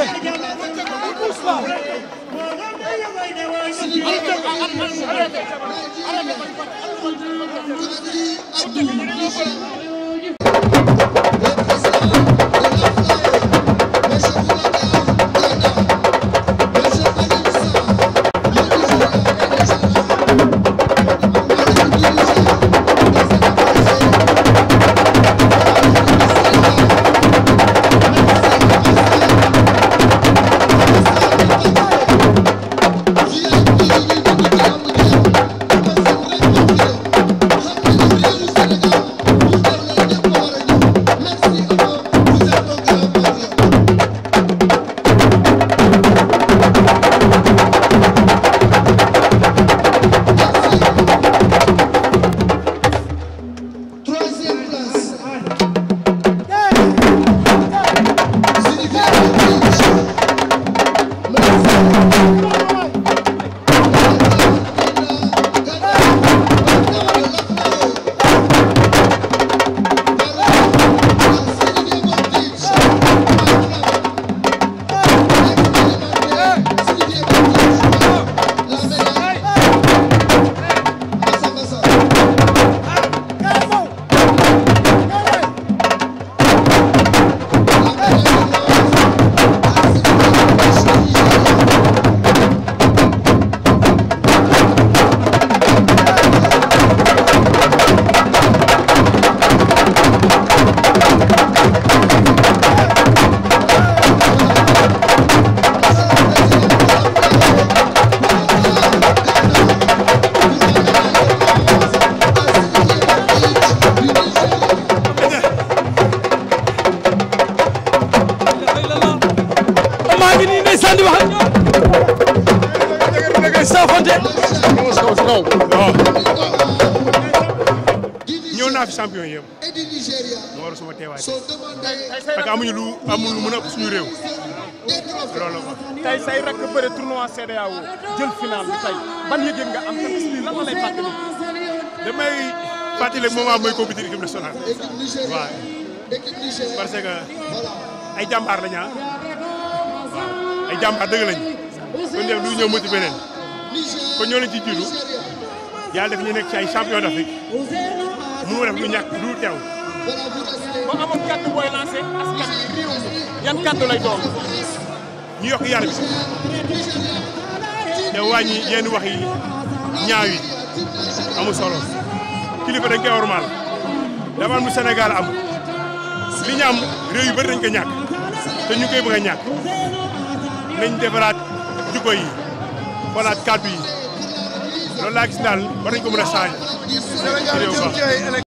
Thank you. ngay sànni wax da moo war sama teewaay amuñu lu amuñu lu mën a ëpp suñu réew say rakk bëre tournoi CEDEAO jël final bi tey ban yëg nga am tamit lii lan la lay fàttali damay fàttali moment mooy compétition équipe nationale waaw parce que ay jàmbaar lañu ah. jàmbaar dëgg lañ kon def du ñëw mëti beneen kon ñoo leen ci jiitu yàlla def ñu nekk ci ay champion mu def lu ñàkk du teew ba amoon kàddu booy lancé askan bi yan kàddu lay doon ñu yokk yar bi te wàññi yenn wax yi ñaaw yi amul solo kilifa dañ koy wormaal dama am lu Sénégal am li ñu am réew yu bëri dañ ko ñàkk te ñu koy bëgg nañ defaraat jikko yi xoolaat kàddu yi loolu laa gis daal war nañ ko mën a changé.